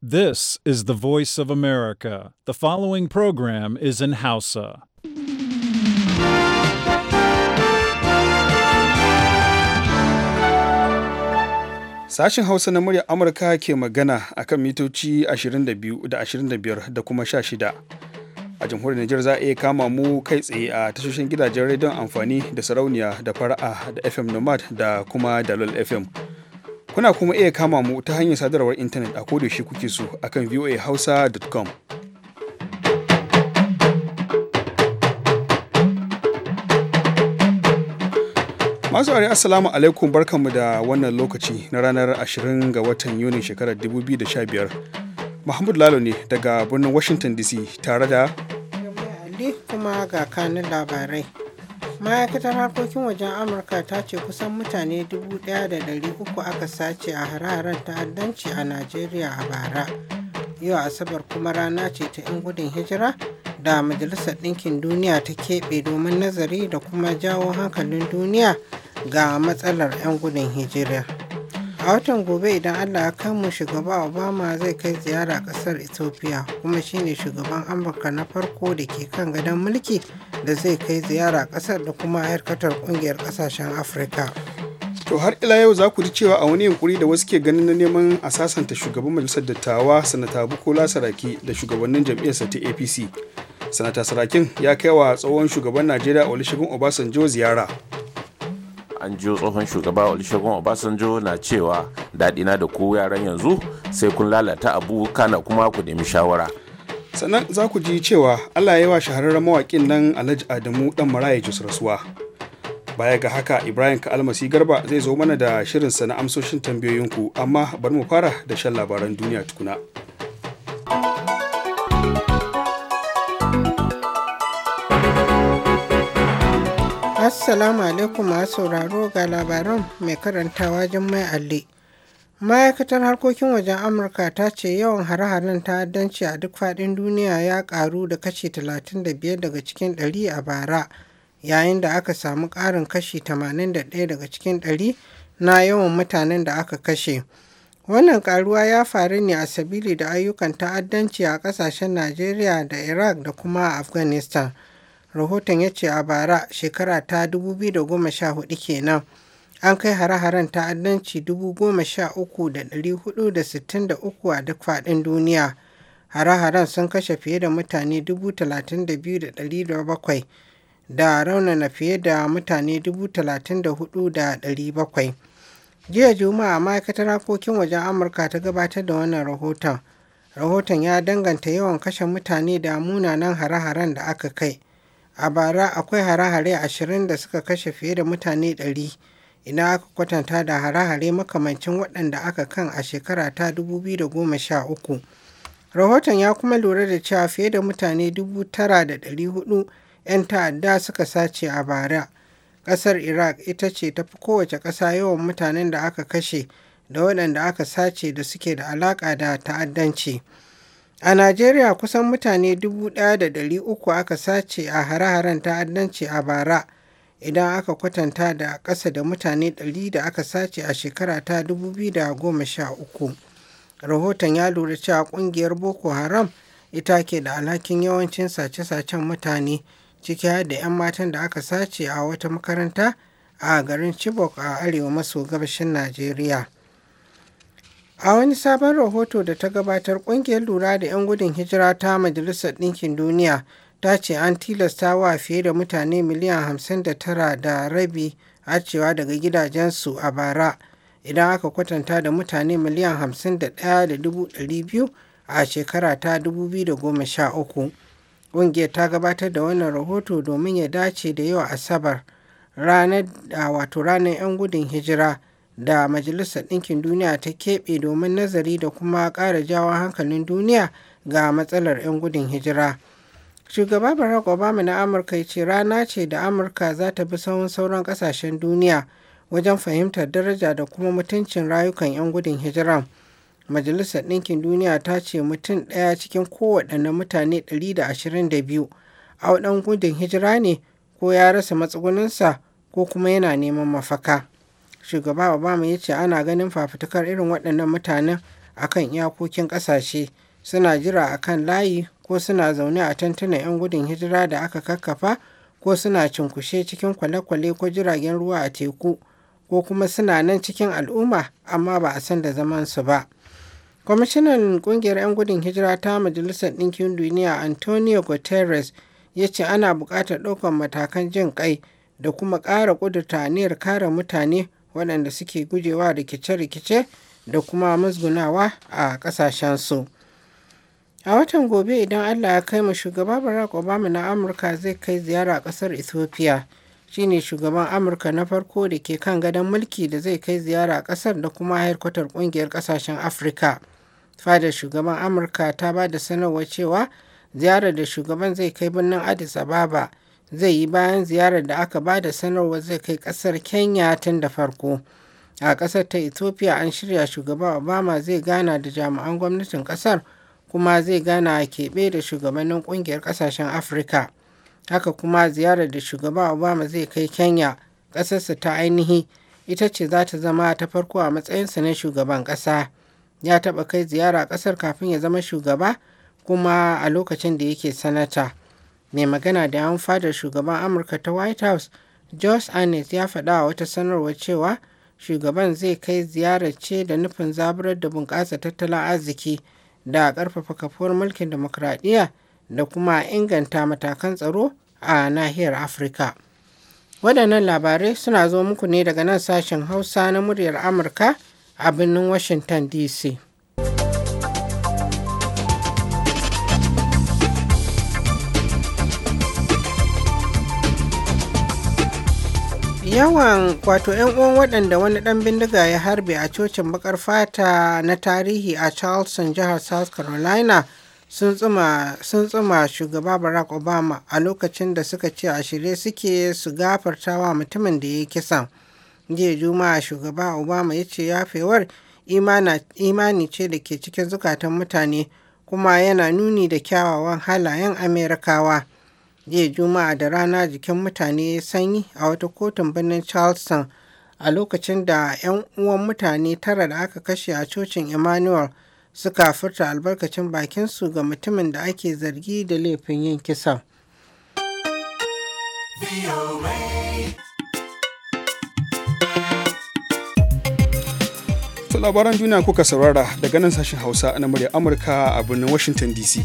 This is the voice of America. The following program is in Hausa. Sashen Hausa na murya Amurka ke magana a kan mitoci 22 da 25 da kuma 16. A jamhuriyar Nijar za a iya kama mu kai tsaye a tashoshin gidajen rediyon amfani da sarauniya da fara'a da FM Nomad da kuma Dalol FM. Kuna kuma iya kama mu ta hanyar sadarwar intanet a kodayaushe kuke so a kan voahausa.com. Masu are assalamu alaikum barkanmu da wannan lokaci na ranar 20 ga watan Yunin shekarar 2015. Mahmud Lalo ne daga birnin Washington DC tare da kuma ga kanin labarai. ma'aikatar harkokin wajen amurka ta ce kusan mutane 1,300 aka sace a hararen ta'addanci a najeriya a bara yau asabar kuma rana ce ta 'yan gudun hijira da majalisar ɗinkin duniya ta keɓe domin nazari da kuma jawo hankalin duniya ga matsalar 'yan gudun hijira a watan gobe idan allah ya kai mu shugaba obama zai kai ziyara ƙasar ethiopia kuma shine shugaban amurka na farko da ke kan gadon mulki da zai kai ziyara kasar da kuma ayyukatar kungiyar kasashen afirka to har ila yau za ku ji cewa a wani yunkuri da wasu ke ganin na neman a sasanta shugaban majalisar dattawa sanata bukola saraki da shugabannin jam'iyyarsa ta apc sanata sarakin ya kai wa tsohon shugaban najeriya olusegun obasanjo ziyara an jiyo tsohon shugaba olusegun obasanjo na cewa daɗina da ku yaran yanzu sai kun lalata abu kana kuma ku nemi shawara sannan za ku ji cewa allah ya yi wa shahararren mawaƙin nan alhaji adamu dan maraya jos rasuwa baya ga haka ibrahim almasi garba zai zo mana da shirinsa na amsoshin tambayoyinku amma bari mu fara da shan labaran duniya tukuna assalamu alaikum masu sauraro ga labaran mai karantawa jummai alli ma'aikatar harkokin wajen amurka ta ce yawan hare-haren ta'addanci a duk faɗin duniya ya ƙaru da kashi 35 daga cikin 100 a bara yayin da aka samu ƙarin kashi 81 daga cikin 100 na yawan mutanen da aka kashe wannan ƙaruwa ya faru ne a sabili da ayyukan ta'addanci a ƙasashen najeriya da iraq da kuma afghanistan rahoton ya ce a bara shekara ta 2014 kenan. an kai hare-haren ta'addanci 13,463 a duk faɗin duniya hare-haren sun kashe fiye da mutane 32,700 da raunana fiye da mutane 34,700 jiya juma'a ma'aikatar harkokin wajen amurka ta gabatar da wannan rahoton rahoton ya danganta yawan kashe mutane da munanan hare-haren da aka kai a bara akwai hare-hare 20 da suka kashe fiye da mutane 100 ina aka kwatanta da hare-hare makamancin waɗanda aka kan a shekara ta 2013 rahoton ya kuma lura da cewa fiye da mutane 9,400 'yan ta'adda suka sace a bara ƙasar iraq ita ce ta fi kowace ƙasa yawan mutanen da aka kashe da waɗanda aka sace da suke da alaƙa da ta'addanci a najeriya kusan mutane 1,300 aka sace a hare-haren ta'addanci a bara idan aka kwatanta da ƙasa da mutane 100 da aka sace a shekara ta 2013. Rahoton ya lura cewa ƙungiyar Boko Haram ita ke da alhakin yawancin sace-sacen mutane ciki har da 'yan matan da aka sace a wata makaranta a garin Chibok a arewa maso gabashin Najeriya. A wani sabon rahoto da ta gabatar ƙungiyar lura da 'yan gudun hijira ta Majalisar Ɗinkin Duniya ta ce an tilasta wa fiye da mutane miliyan hamsin da tara da rabi daga gidajensu a bara idan aka kwatanta da mutane miliyan hamsin da ɗaya da dubu ɗari biyu a shekara ta 2013. Ƙungiyar ta gabatar da wannan rahoto domin ya dace da yau Asabar ranar wato ranar 'yan gudun hijira da Majalisar Ɗinkin Duniya ta keɓe domin nazari da kuma ƙara jawon hankalin duniya ga matsalar 'yan gudun hijira. Shugaba Barack Obama na Amurka ya ce rana ce da Amurka za ta bi sauran sauran ƙasashen duniya wajen fahimtar daraja da kuma mutuncin rayukan 'yan gudun hijira. Majalisar Ɗinkin Duniya ta ce mutum ɗaya cikin kowaɗanne mutane 122 a waɗan gudun hijira ne ko ya rasa matsugunansa ko kuma yana neman mafaka. Shugaba Obama ya ce ana ganin fafutukar irin waɗannan mutanen akan iyakokin ƙasashe suna jira akan layi ko suna zaune a tantunan 'yan gudun hijira da aka kakkafa ko suna cinkushe cikin kwale-kwale ko jiragen ruwa a teku ko kuma suna nan cikin al'umma amma ba a san da zaman su ba. kwamishinan kungiyar 'yan gudun hijira ta majalisar ɗinkin duniya antonio guterres ya ce ana buƙatar ɗaukar matakan jin ƙai da kuma ƙara ƙudurta aniyar kare mutane waɗanda suke gujewa rikice-rikice da kuma musgunawa a ƙasashensu. A watan gobe idan Allah ya kai mu Shugaba Barack Obama na Amurka zai kai ziyara a ƙasar Ethiopia. Shi ne shugaban Amurka na farko da ke kan gadon mulki da zai kai ziyara a ƙasar da kuma haikwatar ƙungiyar ƙasashen Afirka. Fadar shugaban Amurka ta ba da sanarwa cewa ziyarar da shugaban zai kai birnin Addis Ababa zai yi bayan ziyarar da aka ba da sanarwa zai kai ƙasar Kenya tun da farko. A ƙasar ta Ethiopia an shirya shugaba Obama zai gana da jami'an gwamnatin ƙasar. kuma zai gana a keɓe da shugabannin ƙungiyar ƙasashen afirka haka kuma ziyarar da shugaba obama zai kai kenya ƙasarsa ta ainihi ita ce za ta zama ta farko a matsayinsa na shugaban ƙasa ya taɓa kai ziyara ƙasar kafin ya zama shugaba kuma a lokacin da yake sanata mai magana da yawon fadar shugaban amurka ta white house George Annis ya faɗa a wata sanarwa cewa shugaban zai kai ziyarar ce da nufin zaburar da bunƙasa tattalin arziki da ƙarfafa kafuwar mulkin demokradiyya da kuma inganta matakan tsaro a nahiyar afirka waɗannan labarai suna zo muku ne daga nan sashen hausa na muryar amurka a birnin washington dc yawan wato 'yan uwan waɗanda wani ɗan bindiga ya harbe a cocin bakar fata na tarihi a charleston jihar south carolina sun tsuma shugaba barack obama a lokacin da suka ce a shirye suke su gafartawa mutumin da ya kisan jiya juma'a shugaba obama ya ce yafewar imani ce da ke cikin zukatan mutane kuma yana nuni da kyawawan halayen amerikawa. jiya juma'a da rana jikin mutane sanyi a wata kotun birnin charleston a lokacin da 'yan uwan mutane tara da aka kashe a cocin emmanuel suka furta albarkacin bakinsu ga mutumin da ake zargi da laifin yin su labaran duniya kuka saurara daga nan sashen hausa na murya amurka a birnin washington dc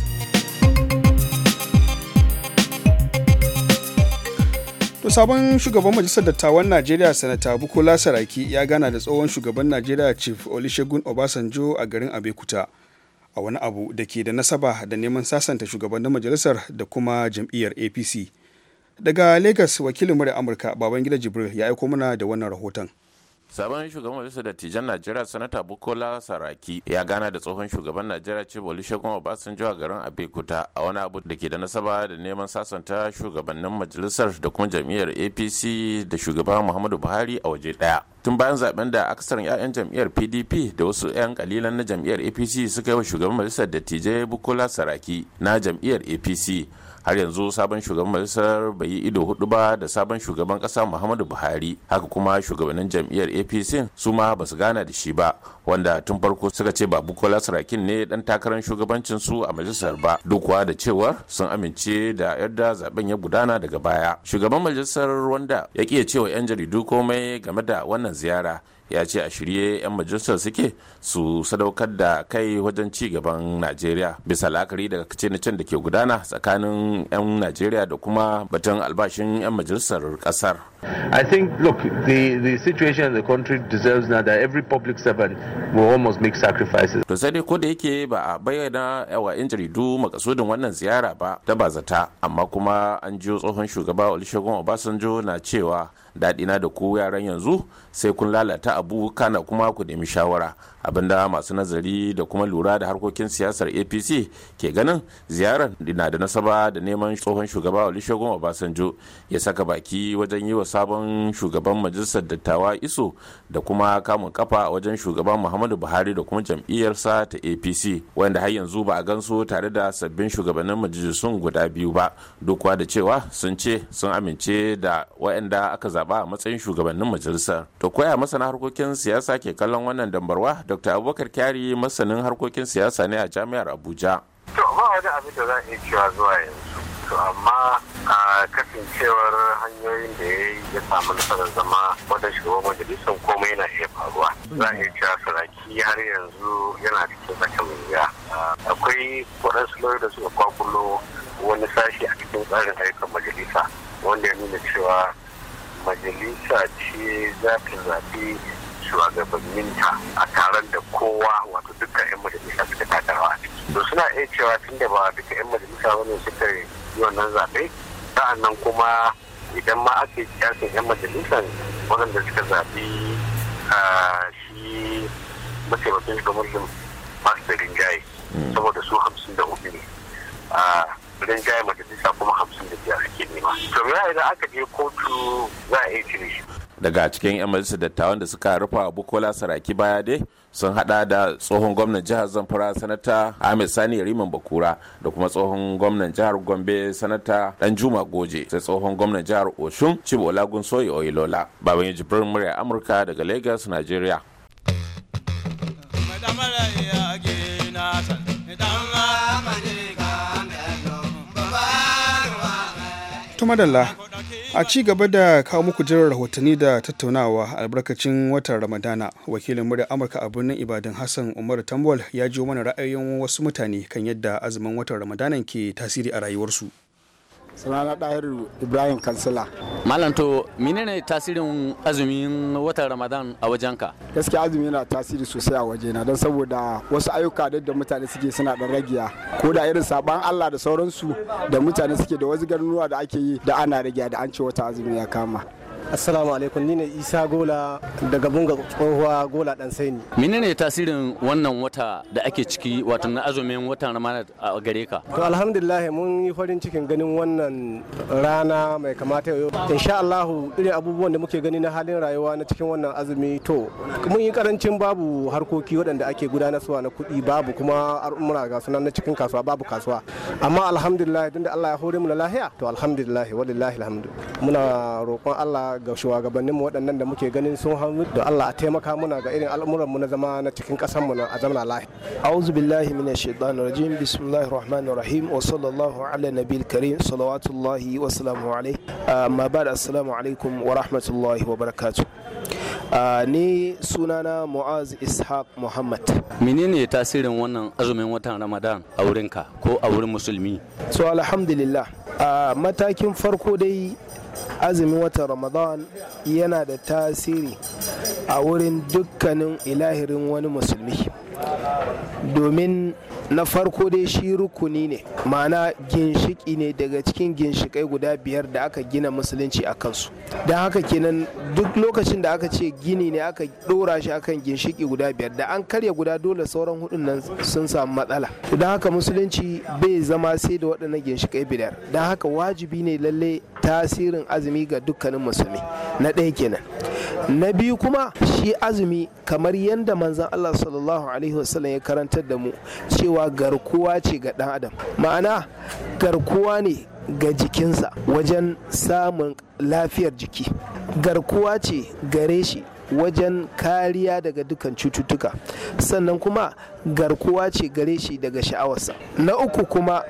To sabon shugaban majalisar dattawan Najeriya Sanata Bukola Saraki ya gana da tsohon shugaban Najeriya Chief Olusegun Obasanjo a garin abekuta a wani abu da ke da nasaba da neman sasanta shugabannin majalisar da kuma jam'iyyar APC. Daga Lagos wakilin murya Amurka Babangida Jibril ya aiko mana da wannan rahoton. sabon shugaban majalisar dattijan najeriya sanata bukola saraki ya gana da tsohon shugaban najeriya ce olusegun obasanjo jiwa garin abeokuta a wani abu da ke da nasaba da neman sasanta shugabannin majalisar da kuma jam'iyyar apc da shugaban muhammadu buhari a waje daya tun bayan zaben da akasarin 'ya'yan jam'iyyar pdp da wasu 'yan kalilan na jam'iyyar apc suka yi wa shugaban majalisar dattijai bukola saraki na jam'iyyar apc har yanzu sabon shugaban majalisar bai yi ido hudu ba da sabon shugaban kasa muhammadu buhari haka kuma shugabannin jam'iyyar apc su ma ba su gana da shi ba wanda tun farko suka ce ba bukola sarakin ne dan takarar shugabancin su a majalisar ba duk da cewar sun amince da yadda zaben ya gudana daga baya shugaban majalisar wanda ya ƙi cewa 'yan jaridu komai game da wannan ziyara ya ce a shirye 'yan majalisar suke su sadaukar da kai wajen ci gaban najeriya bisa la'akari daga can da ke gudana tsakanin 'yan najeriya da kuma batun albashin 'yan majalisar kasar I think, look, the, the situation in the country deserves now that every public servant will almost make sacrifices. To sai ko da yake ba a bayyana yawa yan jaridu makasudin wannan ziyara ba ta bazata amma kuma an jiyo tsohon shugaba Olusegun Obasanjo na cewa daɗina da ku yaran yanzu sai kun lalata abu kana kuma ku nemi shawara Abin da masu nazari da kuma lura da harkokin siyasar apc ke ganin ziyarar na da nasaba da neman tsohon shugaba olusegun obasanjo ya saka baki wajen yi wa sabon shugaban majalisar dattawa iso da kuma kamun kafa a wajen shugaban muhammadu buhari da kuma jam'iyyarsa ta apc wanda har yanzu ba a gansu tare da sabbin shugabannin majalisun guda biyu ba duk da cewa sun ce sun amince da waɗanda aka zaba a matsayin shugabannin majalisar to koya masana harkokin siyasa ke kallon wannan dambarwa dr abubakar kyari masanin harkokin siyasa ne a jami'ar abuja to ba wani abin da za a cewa zuwa yanzu to amma a kasancewar hanyoyin da ya ya samu nasarar zama wata shugaban majalisar komai yana iya faruwa za a iya cewa saraki har yanzu yana cikin tsaka mai ya akwai waɗansu lauyoyi da suka kwakulo wani sashi a cikin tsarin ayyukan majalisa wanda ya nuna cewa majalisa ce za ta zaɓi ta a taron da kowa wato dukkan 'yan majalisa suka takarawa a ciki to suna iya cewa tun da ba duka 'yan majalisa wani suka shi wannan zaɓe nan kuma idan ma aka yi 'yan majalisar waɗanda suka zaɓi shi mataimakin shugaban masu rinjaye hmm. saboda su hamsin da hudu ne rinjaye majalisa kuma hamsin da biyar suke nema to ya idan aka je kotu za a iya cire shi daga cikin 'yan majalisar dattawan da suka rufa kola saraki baya dai sun hada da tsohon gwamnan jihar zamfara sanata ahmed sani riman bakura da kuma tsohon gwamnan jihar gombe sanata danjuma goje sai tsohon gwamnan jihar oshun cibo lagun soyi oilola baban yaji murya amurka daga lagos nigeria a ci gaba da kawo muku jiran rahotanni da tattaunawa albarkacin watan ramadana wakilin murya amurka a birnin ibadan hassan umar tambol ya jiyo mana ra'ayoyin wasu mutane kan yadda azumin watan ramadana ke tasiri a rayuwarsu sunana ɗayar ibrahim kansila malam menene tasirin azumin watan ramadan a wajenka gaskiya azumi yana tasiri sosai a wajena don saboda wasu ayyuka da mutane suke suna da ragiya ko da irin saban allah da sauransu da mutane suke da wasu garuruwa da ake yi da ana ragiya da an ce wata azumi ya kama assalamu alaikum ni ne isa gola daga bunga tsohuwa gola dan saini menene tasirin wannan wata da ake ciki wato na azumin watan ramadana a gare ka to alhamdulillah mun yi farin cikin ganin wannan rana mai kamata yau insha Allah irin abubuwan da muke gani na halin rayuwa na cikin wannan azumi to mun yi karancin babu harkoki waɗanda ake gudanarwa na kuɗi babu kuma al'umma ga sunan na cikin kasuwa babu kasuwa amma alhamdulillah tunda Allah ya hore mu na lahiya to alhamdulillah walillahi alhamdu muna roƙon Allah ga shugabanninmu waɗannan da muke ganin sun hannu da Allah a taimaka muna ga irin mu na zama na cikin mu na a zamana lahi. A'udhu billahi minash shaitanir rajim bismillahir rahmanir rahim wa sallallahu ala nabiyil karim salawatullahi wa salamu alayhi amma ah, ba'da assalamu alaikum wa rahmatullahi wa barakatuh. Ah, ni sunana Mu'az Ishaq Muhammad. Menene tasirin wannan azumin watan Ramadan a wurinka ko a wurin musulmi? So alhamdulillah a ah, matakin farko dai azumin watan ramadan yana da tasiri a wurin dukkanin ilahirin wani musulmi domin na farko dai shi rukuni ne ma'ana ginshiki ne daga cikin ginshikai guda biyar da aka gina musulunci a kansu don haka kenan duk lokacin da aka ce gini ne aka dora shi akan ginshiki guda biyar da an karya guda dole sauran hudun nan sun samu matsala don haka musulunci bai zama sai da waɗannan ginshikai biyar don haka wajibi ne lalle tasirin azumi ga dukkanin musulmi na ɗaya kenan na biyu kuma shi azumi kamar yadda manzan Allah sallallahu alaihi wasallam ya karantar da mu cewa garkuwa ce ga ɗan adam ma'ana garkuwa ne ga jikinsa wajen samun lafiyar jiki garkuwa ce gare shi wajen kariya daga dukan cututtuka sannan kuma garkuwa ce gare shi daga sha'awarsa na uku kuma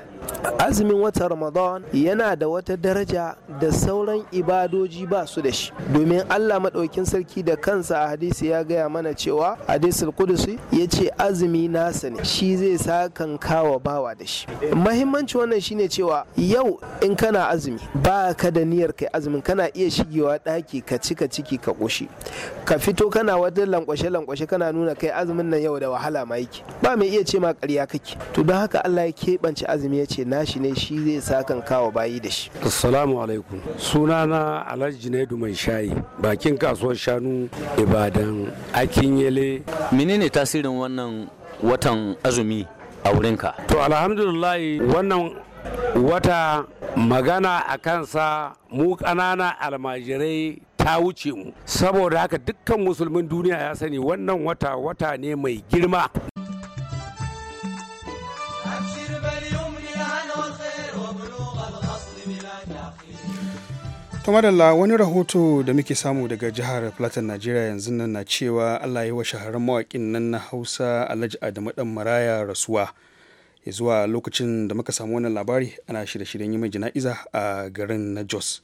azumin watan ramadan yana da wata daraja da sauran ibadoji ba su da shi domin allah maɗaukin sarki da kansa a hadisi ya gaya mana cewa hadisul kudusi ya ce azumi nasa ne shi zai sa kan kawa bawa da shi mahimmanci wannan shine cewa yau in kana azumi ba ka da niyyar kai azumin kana iya shigewa ɗaki ka cika ciki ka ƙoshi ka fito kana wata lankwashe lankwashe kana nuna kai azumin nan yau da wahala ma yake ba mai iya ce ma ƙarya kake to don haka allah ya keɓance azumi ya ce ce nashi ne shi zai sakan kawo bayi da shi assalamu alaikum Suna na alhaji junaidu mai shayi bakin kasuwar shanu ibadan akinyele menene tasirin wannan watan azumi a wurinka to alhamdulillah wannan wata magana a kansa mu ƙanana almajirai ta wuce mu saboda haka dukkan musulmin duniya ya sani wannan wata wata ne mai girma to madalla wani rahoto da muke samu daga jihar plateau najeriya yanzu nan na cewa allah yi wa shaharar mawaƙin nan na hausa alhaji adamu dan maraya rasuwa ya zuwa lokacin da muka samu wannan labari ana shirye-shiryen yi mai jana'iza a garin na jos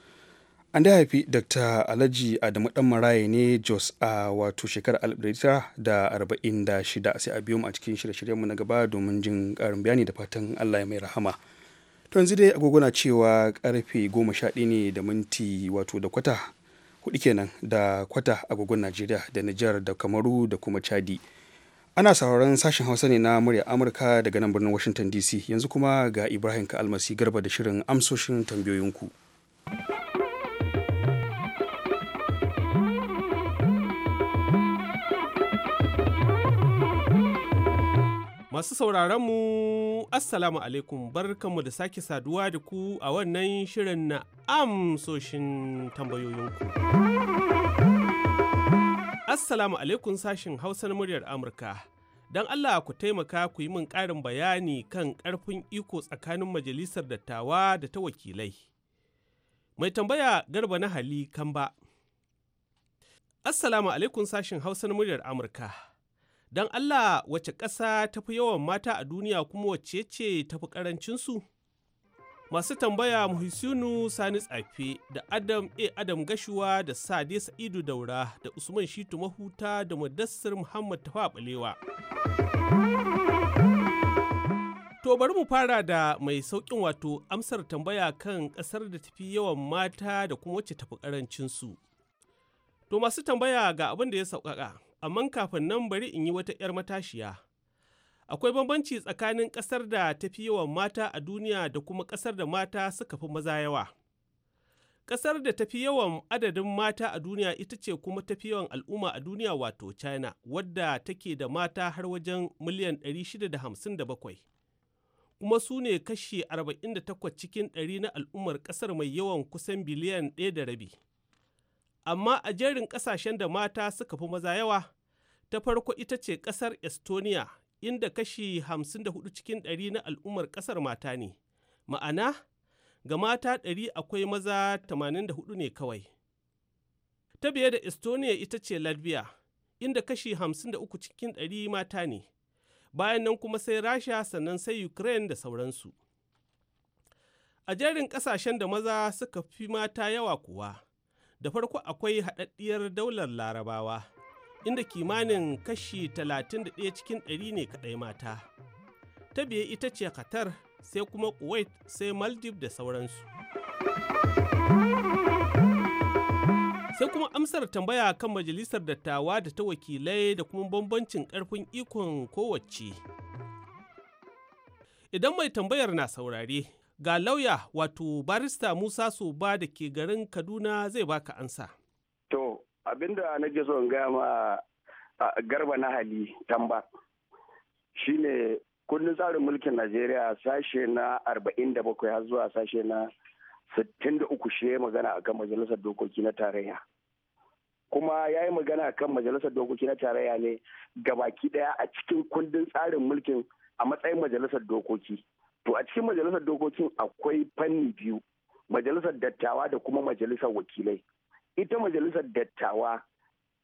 an da haifi dr alhaji adamu dan maraya ne jos a wato shekarar shida sai a biyu mu a cikin shirye-shiryenmu na gaba domin jin karin bayani da fatan allah ya mai rahama to yanzu dai agogo na cewa karfe goma sha ɗaya ne da minti wato da kwata hudu kenan da kwata agogon najeriya da nijar da kamaru da kuma chadi ana sauraron sashen hausa ne na murya amurka daga nan birnin washington dc yanzu kuma ga ibrahim ka almasi garba da shirin amsoshin tambayoyinku. ku Masu sauraron mu Assalamu alaikum barkanmu da sake saduwa da ku a wannan shirin na amsoshin tambayoyinku. Assalamu alaikum sashin Hausa muryar Amurka. Don Allah ku taimaka ku yi min ƙarin bayani kan ƙarfin iko tsakanin majalisar dattawa da ta wakilai. Mai tambaya garba na hali kamba. Assalamu alaikum sashin Hausa muryar Amurka. Don Allah wace ƙasa ta fi yawan mata a duniya kuma wace ce ta fi ƙarancinsu? Masu tambaya Muhisinu Sani Tsafe da Adam A. Adam Gashuwa da Sade Sa'idu Daura da Usman Shitu Mahuta da madassar Muhammad Tafa Balewa. To bari mu fara da mai sauƙin wato amsar tambaya kan ƙasar da tafi yawan mata da kuma wace tafi ƙarancinsu. To masu tambaya ga abin da ya sauƙaƙa. amma kafin nan bari in yi wata 'yar matashiya. Akwai bambanci tsakanin ƙasar da ta fi yawan mata a duniya da kuma ƙasar da mata suka fi maza yawa. Ƙasar da ta fi yawan adadin mata a duniya ita ce kuma ta fi yawan al'umma a duniya wato China, wadda take da mata har wajen miliyan 657. Kuma su ne kashi 48 cikin 100 na al'ummar ƙasar mai yawan kusan biliyan ɗaya da rabi. amma a jerin ƙasashen da mata suka fi maza yawa ta farko ita ce ƙasar estonia inda kashi 54 cikin 100 na al'ummar ƙasar mata ne ma'ana ga mata 100 akwai maza 84 ne kawai ta biye da estonia ita ce latvia inda kashi 53 cikin 100 mata ne bayan nan kuma sai rasha sannan sai ukraine da sauransu a jerin ƙasashen da maza suka fi mata yawa kuwa da farko akwai haɗaɗɗiyar daular larabawa inda kimanin kashi 31 cikin 100 ne kaɗai mata ta biye ita ce qatar sai kuma kuwait sai maldives da sauransu sai kuma amsar tambaya kan majalisar dattawa da ta wakilai da kuma bambancin ƙarfin ikon kowacce idan mai tambayar na saurare ga lauya wato barista Musa su ba da ke garin Kaduna zai baka ansa. To, abinda nake so in gaya ma garba na hali tamba shine kundin tsarin mulkin Najeriya sashe na 47 har zuwa sashe na 63 shi magana akan majalisar dokoki na tarayya. kuma ya yi magana kan majalisar dokoki na tarayya ne ga baki daya a cikin kundin tsarin mulkin a matsayin majalisar dokoki to a cikin majalisar dokokin akwai fanni biyu majalisar dattawa da kuma majalisar wakilai ita majalisar dattawa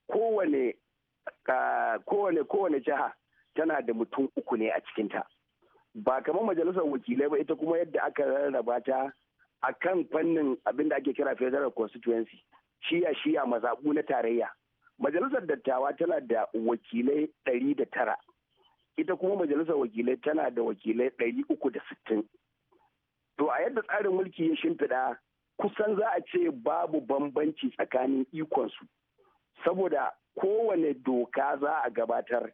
kowane kowane kowane jiha tana da mutum uku ne a cikinta ba kamar majalisar wakilai ba ita kuma yadda aka rarraba ta a kan fannin abin da ake kira federal constituency shiya shiya mazaɓu na tarayya majalisar dattawa tana da wakilai ɗari da tara ita kuma majalisar wakilai tana da wakilai ɗari uku da sittin to a yadda tsarin mulki ya shimfiɗa kusan za a ce babu bambanci tsakanin ikonsu saboda kowane doka za a gabatar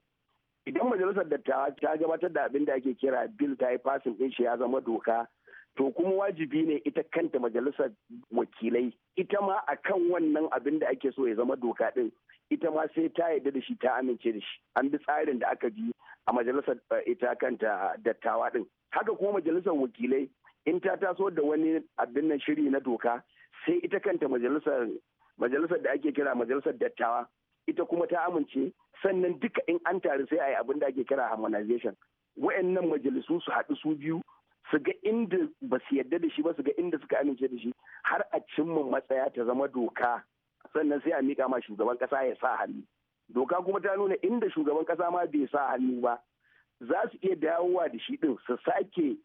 idan majalisar dattawa ta gabatar da abin da ake kira bil ta yi fasin ɗin shi ya zama doka to kuma wajibi ne ita kanta majalisar wakilai ita ma a kan wannan abin da ake so ya zama doka ɗin ita ma sai ta yarda da shi ta amince da shi an bi tsarin da aka bi a majalisar eh, ita kanta dattawa din haka kuma majalisar wakilai in ta taso da wani abin nan shiri na doka sai ita kanta majalisar majalisar da ake kira majalisar dattawa ita kuma ta amince sannan duka in an taru sai a yi abin da ake kira harmonization wayannan majalisu su haɗu su biyu su ga inda ba su yarda da shi ba su ga inda suka amince da shi har a cimma matsaya ta zama doka sannan sai a mika ma shugaban ƙasa ya sa hannu doka kuma ta nuna inda shugaban ƙasa ma bai sa hannu ba za su iya dawowa da shi din su sake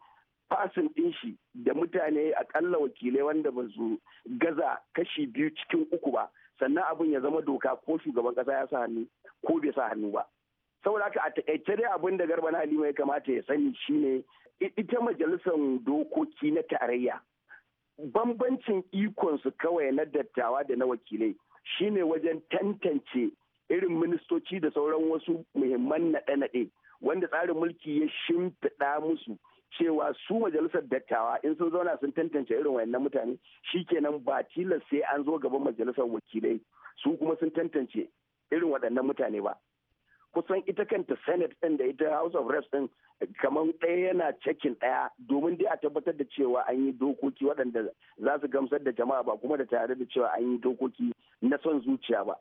fasin ɗin shi da mutane akalla wakilai wanda ba su gaza kashi biyu cikin uku ba sannan abin ya zama doka ko shugaban ƙasa ya sa hannu ko bai sa hannu ba saboda haka a takaice dai abin da garba na halima ya kamata ya sani shine ita majalisar dokoki na tarayya bambancin ikonsu kawai na dattawa da na wakilai shine wajen tantance irin ministoci da sauran wasu muhimman naɗe-naɗe wanda tsarin mulki ya shimfiɗa musu cewa su majalisar dattawa in sun zauna sun tantance irin wayannan mutane shikenan ba tilas sai an zo gaban majalisar wakilai su kuma sun tantance irin waɗannan mutane ba kusan ita kanta senate ɗin da ita house of reps ɗin kamar ɗaya yana cekin ɗaya domin dai a tabbatar da cewa an yi dokoki waɗanda za su gamsar da jama'a ba kuma da tare da cewa an yi dokoki na son zuciya ba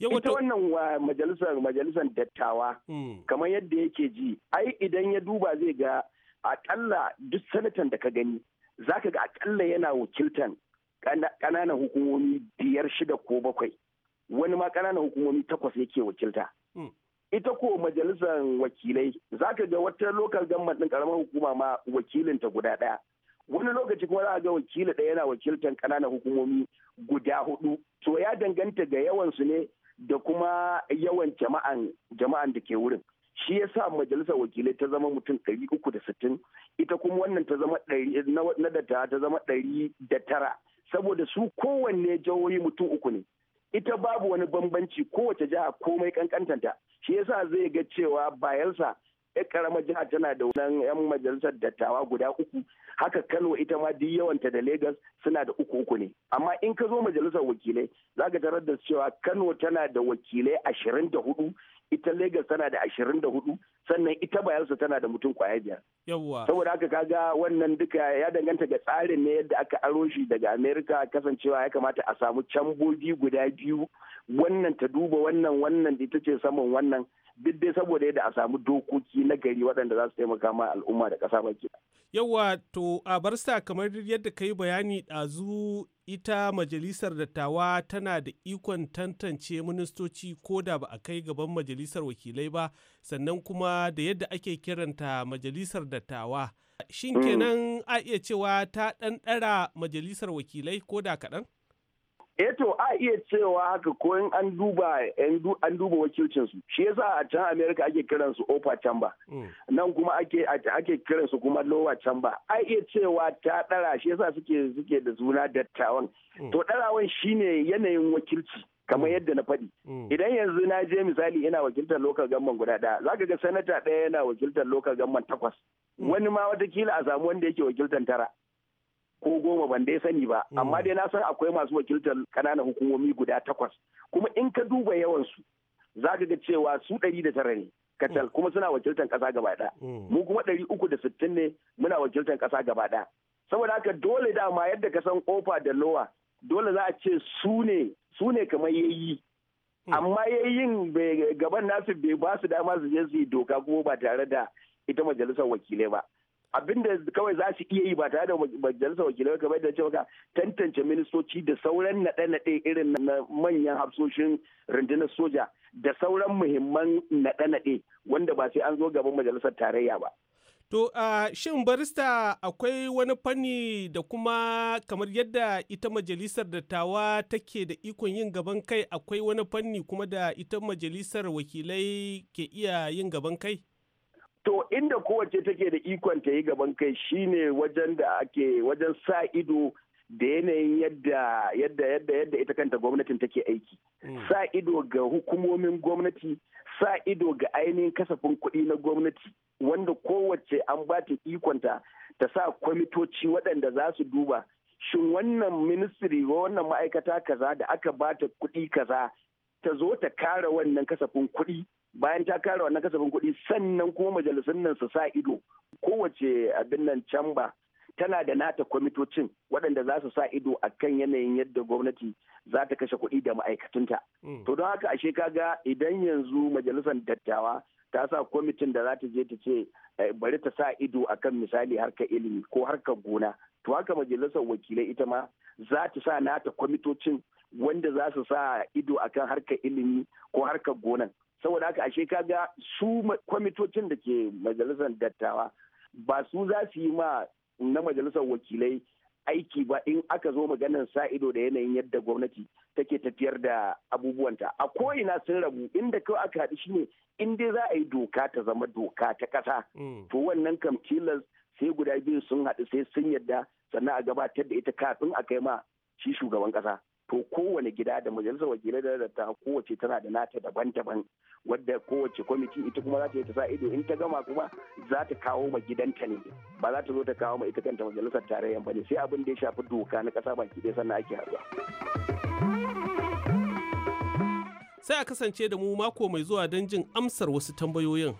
ita wannan wa majalisar majalisar dattawa hmm. kamar yadda yake ji ai idan ya duba zai ga akalla duk sanatan da ka gani zaka ga akalla yana wakiltan ƙananan hukumomi biyar shida ko bakwai wani ma ƙananan hukumomi takwas yake wakilta ita ko majalisar wakilai za ka ga wata lokal gamman din karamar hukuma ma wakilin ta guda ɗaya wani lokaci kuma za a ga wakili ɗaya yana wakiltar kananan hukumomi guda hudu to ya danganta ga yawansu ne da kuma yawan jama'an jama'an da ke wurin shi ya sa majalisar wakilai ta zama mutum ɗari uku da sittin ita kuma wannan ta zama ɗari na da ta zama ɗari da tara saboda su kowanne jawoyi mutum uku ne ita babu wani bambanci kowace jiha komai kankantanta shi yasa zai ga cewa bayelsa ya karamar jiha tana da wani yan majalisar dattawa guda uku haka kano ita ma duk yawanta da legas suna da uku uku ne amma in ka zo majalisar wakilai za ka tarar da cewa kano tana da wakilai ashirin da hudu ita Legas tana da ashirin da hudu sannan ita Bayelsa tana da mutum kwaya biyar. Yawwa. Saboda haka kaga wannan duka ya danganta ga tsarin ne yadda aka aro shi daga Amerika kasancewa ya kamata a samu cambobi guda biyu wannan ta duba wannan wannan ita ce saman wannan duk dai saboda yadda a samu dokoki na gari waɗanda za su taimaka ma al'umma da ƙasa baki. Yawa to a barsa kamar yadda ka yi bayani ɗazu ita majalisar dattawa tana da ikon tantance ministoci ko da ba a kai gaban majalisar wakilai ba sannan kuma da yadda ake kiranta majalisar dattawa. Shin mm. kenan a iya cewa ta ɗanɗara majalisar wakilai ko da kaɗan? eh to a iya cewa haka ko in an duba an duba wakilcin su shi yasa a can America ake kiransu su upper mm. nan kuma ake ake kiran kuma lowa chamber a iya cewa ta dara shi yasa suke suke da suna dattawan mm. to darawan shine yanayin wakilci kamar mm. yadda na faɗi idan yanzu na je misali ina wakiltar lokar government guda ɗaya zaka ga sanata ɗaya yana wakiltar local government takwas wani ma watakila a samu wanda yake wakiltar tara ko goma ban dai sani ba hmm. amma dai na san akwai masu wakiltar kananan hukumomi guda takwas kuma in ka duba yawansu za ka ga cewa su ɗari da tara ne kacal hmm. kuma suna wakiltar ƙasa gaba ɗaya hmm. mu kuma ɗari uku da sittin ne muna wakiltar ƙasa gaba ɗaya saboda haka dole dama yadda ka san kofa da lowa dole za a ce su ne su ne kamar yayi amma yayin gaban nasu bai ba su dama su je su yi doka kuma ba tare da ita majalisar wakilai ba abin da kawai za su iya yi ba tare da majalisar wakilai kamar da cewa tantance ministoci da sauran naɗe-naɗe irin na manyan hafsoshin rundunar soja da sauran muhimman naɗe-naɗe wanda ba sai an zo gaban majalisar tarayya ba. To, uh, shin barista akwai wani fanni da kuma kamar yadda ita majalisar dattawa take da ikon yin gaban kai akwai wani fanni kuma da ita majalisar wakilai ke iya yin gaban kai? to inda kowace take da ikon ta yi gaban kai shine wajen da ake wajen sa ido da yanayin yadda yadda yadda yadda ita kanta gwamnatin take aiki hmm. sa ido ga hukumomin gwamnati sa ido ga ainihin kasafin kuɗi na gwamnati wanda kowace an ba ta ikonta ta sa kwamitoci waɗanda za su duba shin wannan ministry ko wannan ma'aikata kaza da aka ba ta kuɗi kaza ta zo ta kara wannan kasafin kuɗi bayan ta kare wannan kasafin kuɗi sannan kuma majalisun nan su sa ido kowace abin nan camba tana da nata kwamitocin waɗanda za su sa ido a kan yanayin yadda gwamnati za ta kashe kuɗi da ma'aikatunta. Hmm. To don haka ashe kaga idan yanzu majalisar dattawa ta sa kwamitin da za ta je ta ce eh, bari ta sa ido a kan misali harka ilimi ko harkar gona. To haka majalisar wakilai ita ma za ta sa nata kwamitocin wanda za su sa ido a kan harkar ilimi ko harkar gonan. saboda haka ashe kaga su kwamitocin da ke majalisar dattawa ba su za su yi ma na majalisar wakilai aiki ba in aka zo maganar sa ido da yanayin yadda gwamnati take tafiyar da abubuwanta a ko'ina sun rabu inda kawai aka haɗu shine in dai za a yi doka ta zama doka ta ƙasa mm. to wannan kam tilas sai guda biyu sun haɗu sai sun yadda sannan a gabatar da ita kafin a kai ma shi shugaban ƙasa to kowane gida da majalisar wakilai da dattawa kowace tana da nata daban-daban wadda kowace kwamiti ita kuma za ta yi ta sa ido in ta gama kuma za ta kawo ma gidanta ne ba za ta zo ta kawo ma ita kanta majalisar tarayyan ba ne sai abin da ya shafi doka na kasa baki ɗaya sannan ake haɗuwa. sai a kasance da mu mako mai zuwa don jin amsar wasu tambayoyin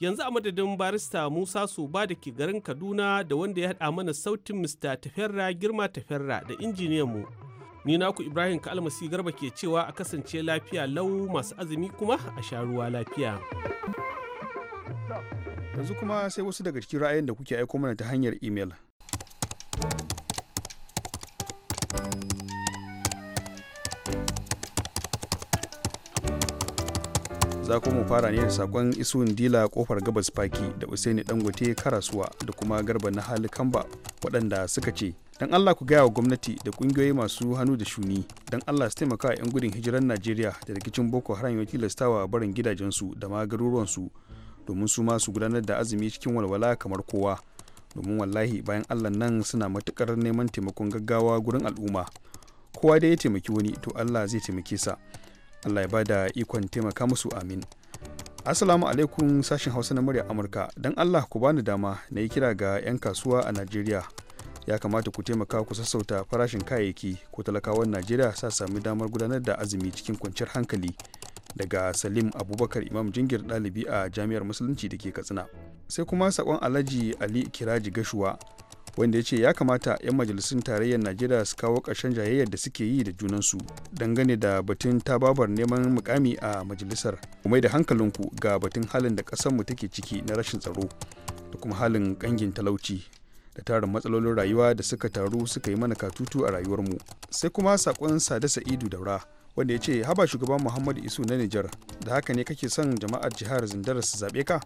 yanzu a madadin barista musa ba da ke garin kaduna da wanda ya haɗa mana sautin mista tafiyarra girma tafiyarra da injiniyan mu Ni naku Ibrahim Kalmasi Garba ke cewa a kasance lafiya lau masu azumi kuma a sha ruwa lafiya. Yanzu kuma sai wasu daga cikin ra'ayin da kuke aiko mana ta hanyar imel. za mu fara ne da sakon isun dila kofar gabas faki da usaini dangote karasuwa da kuma garba na hali kamba waɗanda suka ce don allah ku gaya wa gwamnati da kungiyoyi masu hannu da shuni don allah su taimaka 'yan gudun hijiran najeriya da rikicin boko haram ya tilastawa barin gidajensu da ma garuruwansu domin su ma su gudanar da azumi cikin walwala kamar kowa domin wallahi bayan allah nan suna matukar neman taimakon gaggawa gurin al'umma kowa dai ya taimaki wani to allah zai taimake sa allah ya bada ikon taimaka musu amin Assalamu alaikum sashen Hausa na murya Amurka. Don Allah ku bani dama na yi kira ga 'yan kasuwa a Najeriya ya kamata ku taimaka ku sassauta farashin kayayyaki ko talakawan najeriya sa sami damar gudanar da azumi cikin kwanciyar hankali daga salim abubakar imam jingir dalibi a jami'ar musulunci da ke katsina sai kuma sakon alhaji ali kiraji gashuwa wanda ya ce ya kamata 'yan majalisun tarayyar najeriya su kawo ƙarshen jayayyar da suke yi da junansu dangane da batun tababar neman mukami a majalisar kuma da hankalinku ga batun halin da ƙasarmu take ciki na rashin tsaro da kuma halin ƙangin talauci da tarin matsalolin rayuwa da suka taru suka yi mana katutu a rayuwarmu sai kuma saƙon sada sa'idu daura wanda ya ce haba shugaban muhammadu isu na nijar da haka ne kake son jama'ar jihar zindar su zaɓe ka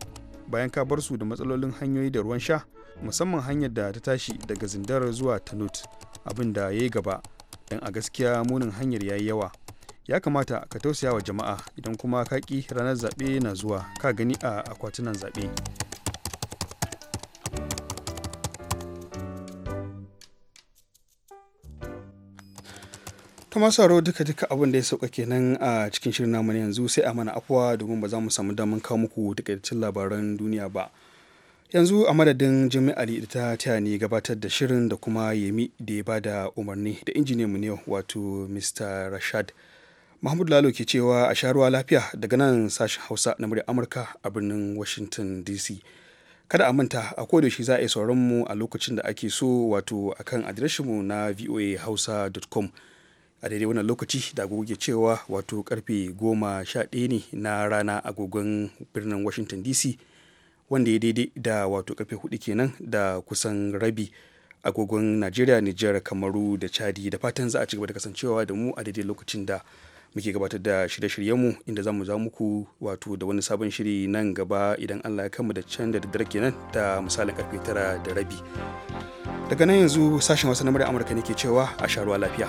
bayan ka bar su da matsalolin hanyoyi da ruwan sha musamman hanyar da ta tashi daga zindar zuwa tanut abin da ya yi gaba don a gaskiya munin hanyar ya yi yawa ya kamata ka tausaya wa jama'a idan kuma ka ƙi ranar zaɓe na zuwa ka gani a akwatunan zaɓe ta masu haro duka duka abin da ya sauka kenan a cikin shirin namu yanzu sai a mana afuwa domin ba za mu samu damar kawo muku takaitaccen labaran duniya ba yanzu a madadin jimi ali da ta taya ne gabatar da shirin da kuma yemi da ya bada umarni da injiniyan mu ne wato mr rashad mahmud lalo ke cewa a sharuwa lafiya daga nan sashen hausa na murya amurka a birnin washington dc kada a manta a kodayaushe shi za a yi sauran mu a lokacin da ake so wato akan adireshinmu na voa hausa.com a daidai wannan lokaci da agogo cewa wato karfe goma sha ɗaya ne na rana agogon birnin washington dc wanda ya daidai da wato karfe hudu kenan da kusan rabi agogon najeriya nijar kamaru da chadi da fatan za a ci gaba da kasancewa da mu a daidai lokacin da muke gabatar da shirye shiryen mu inda zamu za muku wato da wani sabon shiri nan gaba idan allah ya kama da can da daddare kenan da misalin karfe tara da rabi daga nan yanzu sashen wasu na amurka ne ke cewa a sharuwa lafiya